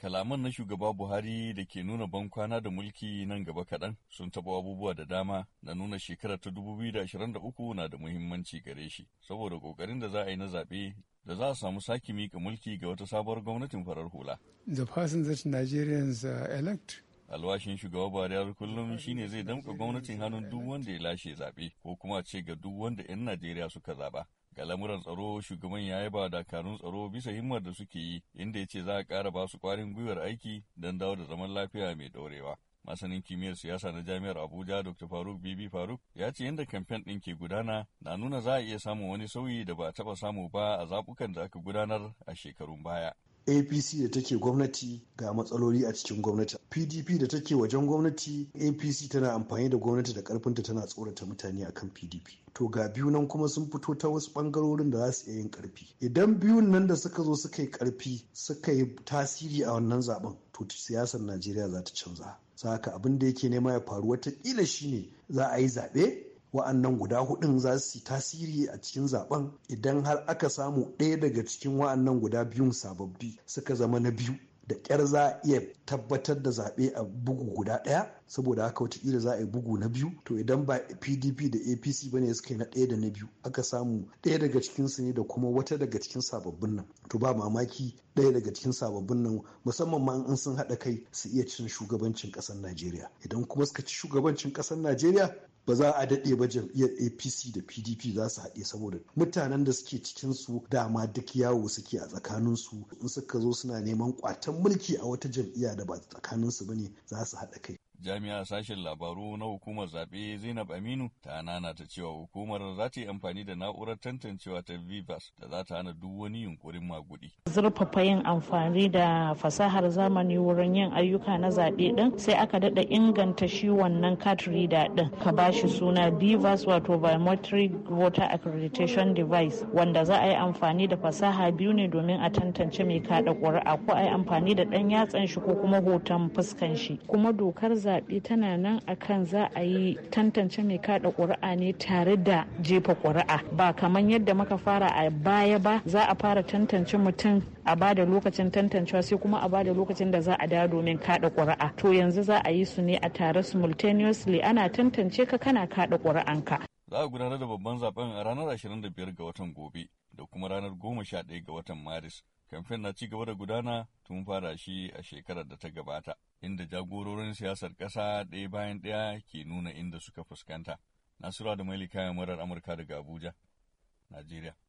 kalaman na shugaba Buhari da ke nuna bankwana da mulki nan gaba kaɗan sun taɓa abubuwa da dama na nuna shekara ta 2023 na da muhimmanci gare shi, saboda ƙoƙarin da za a yi na zaɓe da za a samu sake miƙa mulki ga wata sabuwar gwamnatin farar hula. The person that Nigerians elect alwashin shugaba Buhari har kullum shine zai damka gwamnatin hannun duk wanda ya lashe zaɓe ko kuma ce ga duk wanda 'yan Najeriya suka zaɓa. Ga lamuran tsaro shugaban ya yaba dakarun tsaro bisa himmar da suke yi inda ya ce za a ƙara ba su ƙwarin gwiwar aiki don dawo da zaman lafiya mai ɗorewa. masanin kimiyyar siyasa na jami'ar abuja dr faruk bibi faruk ya ce yadda kamfen ɗin ke gudana na nuna za a iya samun wani sauyi da ba a taɓa samu ba a zaɓukan da aka gudanar a shekarun baya apc da take gwamnati ga matsaloli a cikin gwamnati pdp da take wajen gwamnati apc tana amfani da gwamnati da karfinta tana tsorata mutane akan pdp to ga biyu nan kuma sun fito ta wasu bangarorin da za su iya yin karfi idan biyun nan da suka zo suka yi karfi suka yi tasiri a wannan zaben to siyasar najeriya za ta canza saka abin da yake nema ya faru watakila shine za a yi zaɓe wa'annan guda hudun za su yi tasiri a cikin zaben idan har aka samu ɗaya daga cikin wa'annan guda biyun sababbi suka zama na biyu da ƙyar za a iya tabbatar da zaɓe a bugu guda ɗaya saboda haka watakila za a yi bugu na biyu to idan ba pdp da apc ba ne suka yi na ɗaya da na biyu aka samu ɗaya daga cikinsu ne da kuma wata daga cikin sababbin nan to ba mamaki ɗaya daga cikin sababbin nan musamman ma in sun haɗa kai su iya cin shugabancin ƙasar najeriya idan kuma suka ci shugabancin ƙasar najeriya ba za a daɗe ba jam'iyyar apc da pdp za su haɗe saboda mutanen da suke cikin su dama duk yawo suke a tsakanin su in suka zo suna neman kwatan mulki a wata jam'iyya da ba tsakaninsu ba ne za su haɗa kai Jami'a sashen labaru na hukumar zaɓe Zainab Aminu ta nana ta cewa hukumar za ta yi amfani da na'urar tantancewa ta Vivas da za ta hana duk wani yunkurin maguɗi Zurfafa yin amfani da fasahar zamani wurin yin ayyuka na zaɓe ɗin sai aka daɗa inganta shi wannan card reader ɗin ka ba shi suna Vivas wato biometric voter accreditation device wanda za a yi amfani da fasaha biyu ne domin a tantance mai kaɗa ƙuri'a ko a yi amfani da ɗan yatsan shi ko kuma hoton fuskan shi kuma dokar zaɓe tana nan a kan za a yi tantance mai kaɗa ƙuri'a ne tare da jefa ƙuri'a ba kamar yadda muka fara a baya ba za a fara tantance mutum a ba da lokacin tantancewa sai kuma a ba da lokacin da za a dawo domin kaɗa ƙuri'a to yanzu za a yi su ne a tare simultaneously ana tantance ka kana kaɗa ƙuri'anka. za a gudanar da babban zaben a ranar 25 ga watan gobe da kuma ranar 11 ga watan maris Kamfen na ci gaba da gudana tun fara shi a shekarar da ta gabata, inda jagororin siyasar ƙasa ɗaya bayan ɗaya ke nuna inda suka fuskanta. Nasura da Mailika murar Amurka daga Abuja, Najeriya.